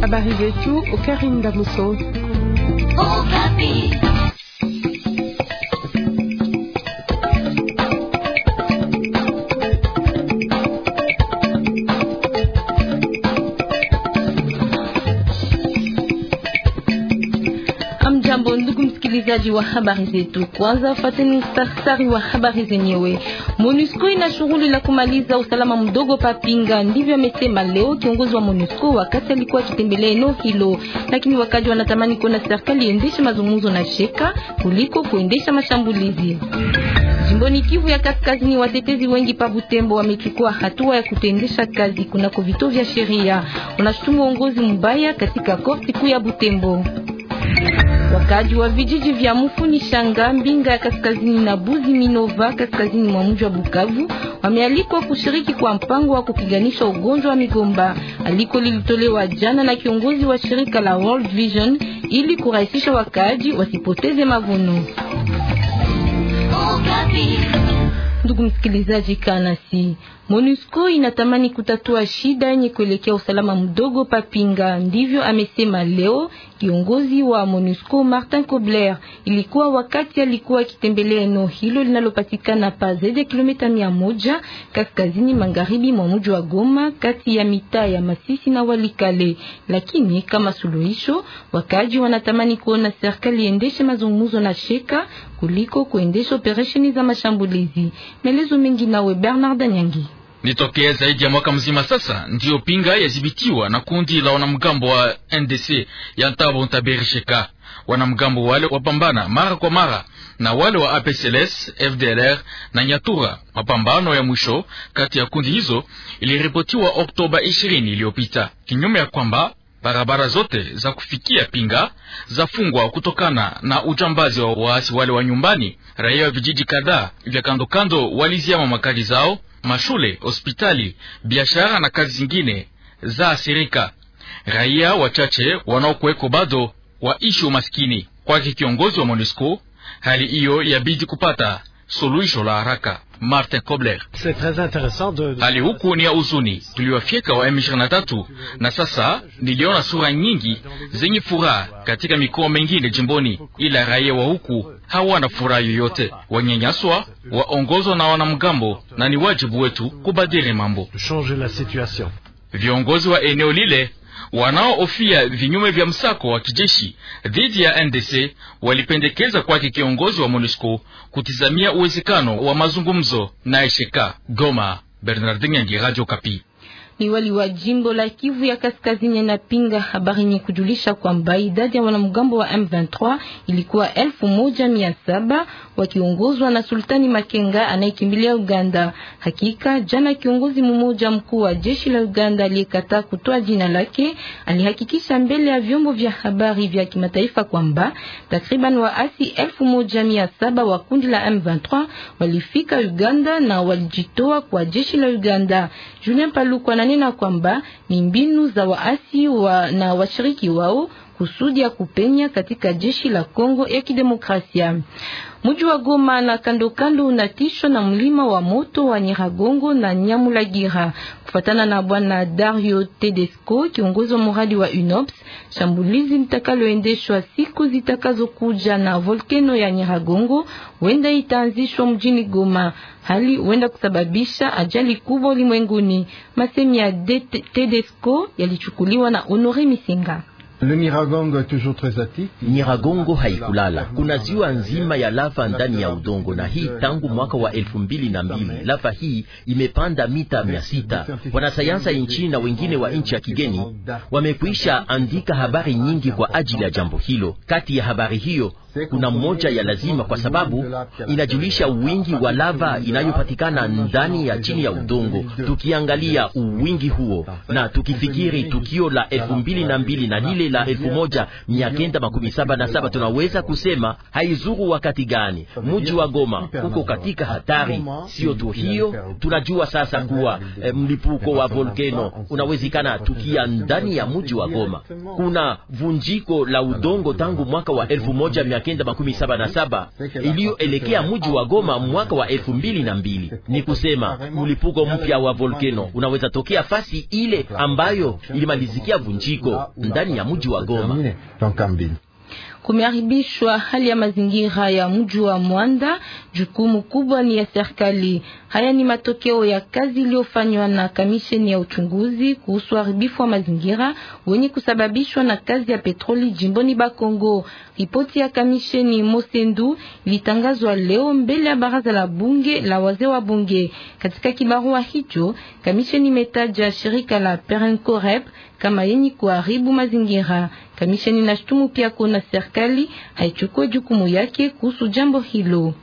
Habari zetu Okarinda Muso. Jambo ndugu msikilizaji wa habari zetu. Kwanza fateni mstasari wa habari zenyewe. MONUSCO ina shughuli la kumaliza usalama mdogo papinga, ndivyo amesema leo kiongozi wa MONUSCO wakati alikuwa akitembelea eneo hilo, lakini wakaji wanatamani kuona serikali iendeshe mazungumzo na sheka kuliko kuendesha mashambulizi. Jimboni Kivu ya Kaskazini, watetezi wengi pa Butembo wamechukua hatua ya kutendesha kazi kunako vituo vya sheria. Wanashutumu uongozi mbaya katika korti kuu ya Butembo. Wakaaji wa vijiji vya shanga Mbinga ya kaskazini na Buzi Minova kaskazini mwa mji wa Bukavu wamealikwa kushiriki kwa mpango wa kupiganisha ugonjwa wa migomba. Aliko lilitolewa jana na kiongozi wa shirika la World Vision ili kurahisisha wakaji wasipoteze mavuno. Ndugu msikilizaji, kanasi MONUSCO inatamani kutatua shida yenye kuelekea usalama mdogo papinga. Ndivyo amesema leo kiongozi wa MONUSCO Martin Kobler. Ilikuwa wakati alikuwa akitembelea eneo hilo linalopatikana pa zaidi ya kilomita mia moja kaskazini magharibi mwa mji wa Goma, kati ya mitaa ya Masisi na Walikale. Lakini kama suluhisho, wakaji wanatamani kuona serikali iendeshe mazungumzo na sheka kuliko kuendesha operesheni za mashambulizi. Maelezo mengi nawe Bernard Nyangi. Nitokea zaidi ya mwaka mzima sasa, ndiyo Pinga yazibitiwa na kundi la wanamgambo wa NDC ya Ntabo Ntaberisheka. Wanamgambo wale wapambana mara kwa mara na wale wa APCLS, FDLR na Nyatura. Mapambano ya mwisho kati ya kundi hizo iliripotiwa Oktoba 20 iliyopita, kinyume ya kwamba Barabara zote za kufikia Pinga zafungwa kutokana na ujambazi wa waasi wale wa nyumbani. Raia wa vijiji kadhaa vya kandokando waliziama makazi zao, mashule, hospitali, biashara na kazi zingine za asirika. Raia wachache wanaokuweko bado waishi umaskini. Kwake kiongozi wa MONUSCO, hali hiyo yabidi kupata suluhisho la haraka. Martin Kobler huku ni ya uzuni tuliwafyeka wa M23, na sasa niliona sura nyingi zenye furaha katika mikoa mengine jimboni, ila raia wa huku hawana furaha yoyote, wanyanyaswa, waongozwa na wanamgambo, na ni wajibu wetu kubadili mambo. Viongozi wa eneo lile wanaoofia vinyume vya msako wa kijeshi dhidi ya NDC walipendekeza kwake kiongozi wa MONUSCO kutizamia uwezekano wa mazungumzo na Esheka. Goma, Bernardin Nyangi, Radio Kapi. Liwali wa jimbo la Kivu ya Kaskazini anapinga habari yenye kujulisha kwamba idadi ya wanamgambo wa M23 ilikuwa elfu moja mia saba wakiongozwa na Sultani Makenga anayekimbilia Uganda. Hakika jana, kiongozi mmoja mkuu wa jeshi la Uganda aliyekataa kutoa jina lake alihakikisha mbele ya vyombo vya habari vya kimataifa kwamba takriban waasi elfu moja mia saba wa kundi la M23 walifika Uganda na walijitoa kwa jeshi la Uganda. Julien Paluku wananena kwamba ni mbinu za waasi wa na washiriki wao kusudi ya kupenya katika jeshi la Kongo ya Kidemokrasia. Mji wa Goma na kando kando unatishwa na mlima wa moto wa Nyiragongo na Nyamulagira. Kufatana na bwana Dario Tedesco, kiongozi wa mradi wa UNOPS, shambulizi litakaloendeshwa siku zitakazokuja na volkeno ya Nyiragongo wenda itaanzishwa mjini Goma, hali wenda kusababisha ajali kubwa ulimwenguni. Masemi ya Tedesco yalichukuliwa na Honore Misinga. Nyiragongo haikulala. Kuna ziwa nzima ya lava ndani ya udongo, na hii tangu mwaka wa elfu mbili na mbili. Lava hii imepanda mita mia sita. Wanasayansa nchini na wengine wa nchi ya kigeni wamekwisha andika habari nyingi kwa ajili ya jambo hilo. Kati ya habari hiyo kuna moja ya lazima, kwa sababu inajulisha wingi wa lava inayopatikana ndani ya chini ya udongo. Tukiangalia uwingi huo na tukifikiri tukio la elfu mbili na mbili na lile la elfu moja mia kenda makumi saba na saba tunaweza kusema haizuru wakati gani mji wa Goma uko katika hatari. Sio tu hiyo, tunajua sasa kuwa eh, mlipuko wa volkeno unawezekana tukia ndani ya mji wa Goma. Kuna vunjiko la udongo tangu mwaka wa elfu moja mia kenda makumi saba na saba iliyoelekea mji wa Goma mwaka wa elfu mbili na mbili. Ni kusema mlipuko mpya wa volkeno unaweza tokea fasi ile ambayo ilimalizikia vunjiko ndani ya mji wa Goma kumeharibishwa hali ya mazingira ya mji wa Mwanda. Jukumu kubwa ni ya serikali. Haya ni matokeo ya kazi iliyofanywa na kamisheni ya uchunguzi kuhusu uharibifu wa mazingira wenye kusababishwa na kazi ya petroli jimboni Bakongo. Ripoti ya kamisheni Mosendu ilitangazwa leo mbele ya baraza la bunge la wazee wa bunge. Katika kibarua hicho, kamisheni imetaja shirika la Perencorep kama yenye kuharibu mazingira. Kamisheni inashutumu pia kuona serikali haichukue jukumu yake kuhusu jambo hilo.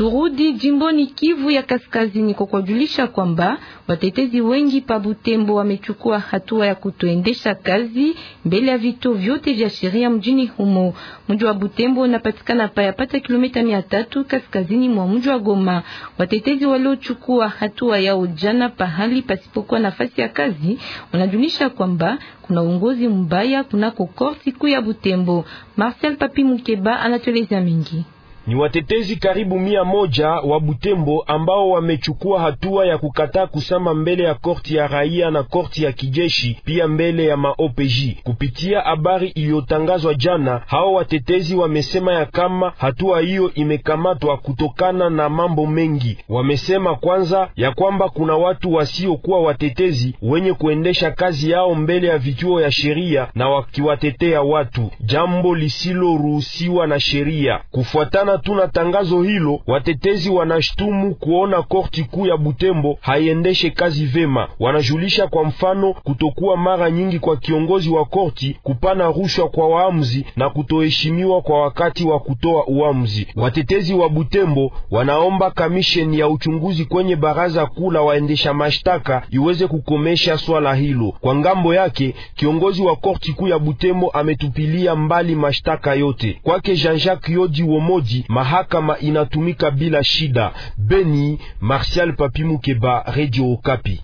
Turudi jimboni Kivu ya Kaskazini kwa kujulisha kwamba watetezi wengi pa Butembo wamechukua hatua ya kutoendesha kazi mbele ya vituo vyote vya sheria mjini humo. Mji wa Butembo unapatikana payapata kilomita mia tatu kaskazini mwa mji wa Goma. Watetezi waliochukua hatua yao jana pahali pasipokuwa nafasi ya kazi wanajulisha kwamba kuna uongozi mbaya kunako korti kuu ya Butembo. Marcel Papi Mukeba anatueleza mengi. Ni watetezi karibu mia moja wa Butembo ambao wamechukua hatua ya kukataa kusama mbele ya korti ya raia na korti ya kijeshi, pia mbele ya maopeji. Kupitia habari iliyotangazwa jana, hao watetezi wamesema ya kama hatua hiyo imekamatwa kutokana na mambo mengi. Wamesema kwanza ya kwamba kuna watu wasiokuwa watetezi wenye kuendesha kazi yao mbele ya vituo ya sheria na wakiwatetea watu, jambo lisiloruhusiwa na sheria kufuatana kufuatana tu na tangazo hilo, watetezi wanashtumu kuona korti kuu ya Butembo haiendeshe kazi vema. Wanajulisha kwa mfano kutokuwa mara nyingi kwa kiongozi wa korti, kupana rushwa kwa waamuzi na kutoheshimiwa kwa wakati wa kutoa uamuzi. Watetezi wa Butembo wanaomba kamisheni ya uchunguzi kwenye baraza kuu la waendesha mashtaka iweze kukomesha swala hilo. Kwa ngambo yake, kiongozi wa korti kuu ya Butembo ametupilia mbali mashtaka yote kwake. Jean-Jacques Yodi Womodi mahakama inatumika bila shida. Beni, Martial Papi Mukeba, Radio Okapi.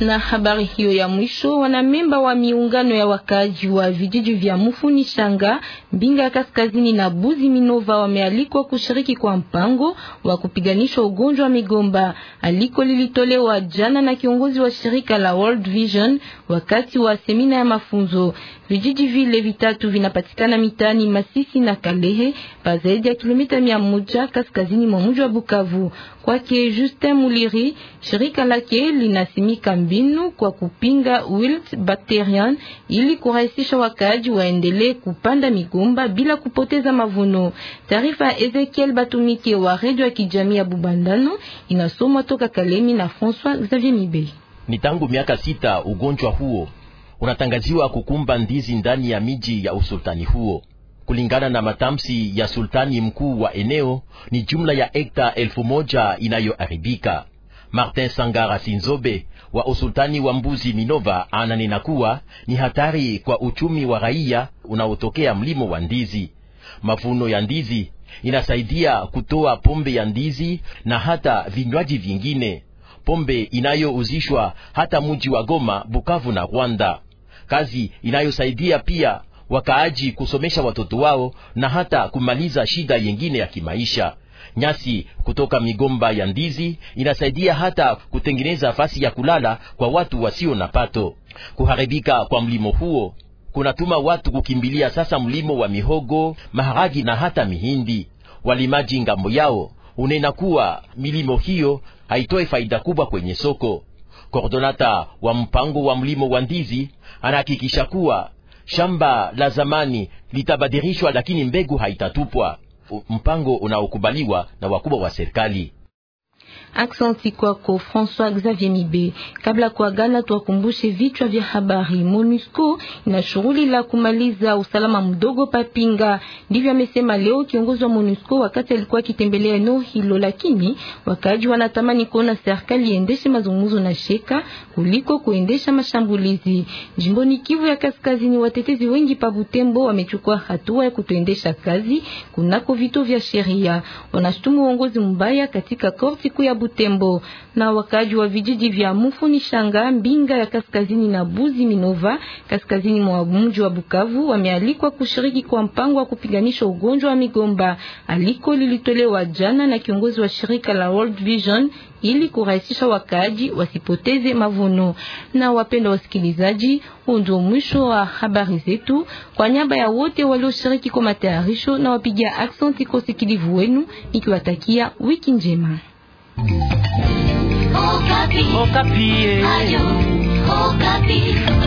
Na habari hiyo ya mwisho, wanamemba wa miungano ya wakaaji wa vijiji vya Mufuni, Shanga, Mbinga ya Kaskazini na Buzi Minova wamealikwa kushiriki kwa mpango wa kupiganisha ugonjwa wa migomba. Aliko lilitolewa jana na kiongozi wa shirika la World Vision wakati wa semina ya mafunzo. Vijiji vile vitatu vinapatikana mitani Masisi na Kalehe pa zaidi ya kilomita mia moja kaskazini mwa mji wa Bukavu. Kwake Justin Muliri, shirika lake linasimika mbinu kwa kupinga wilt bacterian ili kurahisisha wakaaji waendelee kupanda migomba bila kupoteza mavuno. Taarifa ya Ezekiel Batumike wa redio ya kijamii ya Bubandano inasomwa toka Kalemi na François Xavier Mibe. Ni tangu miaka sita ugonjwa huo unatangaziwa kukumba ndizi ndani ya miji ya usultani huo. Kulingana na matamsi ya sultani mkuu wa eneo, ni jumla ya hekta elfu moja inayoharibika. Martin Sangara Sinzobe wa usultani wa Mbuzi Minova ananena kuwa ni hatari kwa uchumi wa raia unaotokea mlimo wa ndizi. Mavuno ya ndizi inasaidia kutoa pombe ya ndizi na hata vinywaji vingine, pombe inayouzishwa hata mji wa Goma, Bukavu na Rwanda kazi inayosaidia pia wakaaji kusomesha watoto wao na hata kumaliza shida yengine ya kimaisha. Nyasi kutoka migomba ya ndizi inasaidia hata kutengeneza fasi ya kulala kwa watu wasio na pato. Kuharibika kwa mlimo huo kunatuma watu kukimbilia sasa mlimo wa mihogo, maharagi na hata mihindi. Walimaji ngambo yao unena kuwa milimo hiyo haitoe faida kubwa kwenye soko. Koordonata wa mpango wa mlimo wa ndizi anahakikisha kuwa shamba la zamani litabadirishwa, lakini mbegu haitatupwa, mpango unaokubaliwa na wakubwa wa serikali. Aksanti kwako François Xavier Mibe. Kabla kwa gala, tuwakumbushe vichwa vya habari. MONUSCO ina shughuli la kumaliza usalama mdogo papinga, ndivyo amesema leo kiongozi wa MONUSCO wakati alikuwa akitembelea eneo hilo, lakini wakaji wanatamani kuona serikali iendeshe mazungumzo na sheka kuliko kuendesha mashambulizi. Jimboni Kivu ya Kaskazini, watetezi wengi pa Butembo wamechukua hatua ya kutoendesha kazi kunako vituo vya sheria. Wanashtumu uongozi mbaya katika korti kuu ya Butembo na wakaji wa vijiji vya Shanga, Mbinga ya kaskazini na Buzi Minova kaskazini mwa mji wa Bukavu wamealikwa kushiriki kwa mpango wa kupiganisha ugonjwa wa migomba. Aliko lilitolewa jana na kiongozi wa shirika la World Vision ili kurahisisha wakaaji wasipoteze mavuno. Na wapenda wasikilizaji, huu ndio mwisho wa habari zetu. Kwa niaba ya wote walioshiriki kwa matayarisho na wapiga aksanti kwa usikilivu wenu, nikiwatakia wiki njema. Okapi. Okapi. Eh.